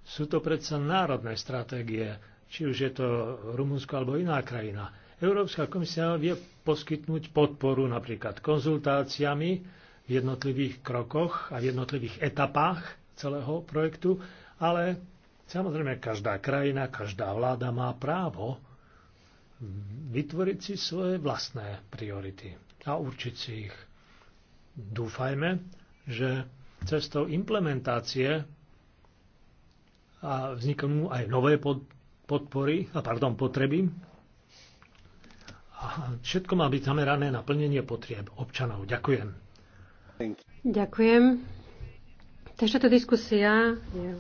Sú to predsa národné stratégie, či už je to Rumunsko alebo iná krajina. Európska komisia vie poskytnúť podporu napríklad konzultáciami, v jednotlivých krokoch a v jednotlivých etapách celého projektu, ale samozrejme každá krajina, každá vláda má právo vytvoriť si svoje vlastné priority a určiť si ich. Dúfajme, že cestou implementácie a vzniknú aj nové podpory, a pardon, potreby. A všetko má byť zamerané na plnenie potrieb občanov. Ďakujem. Ďakujem. Takže táto diskusia je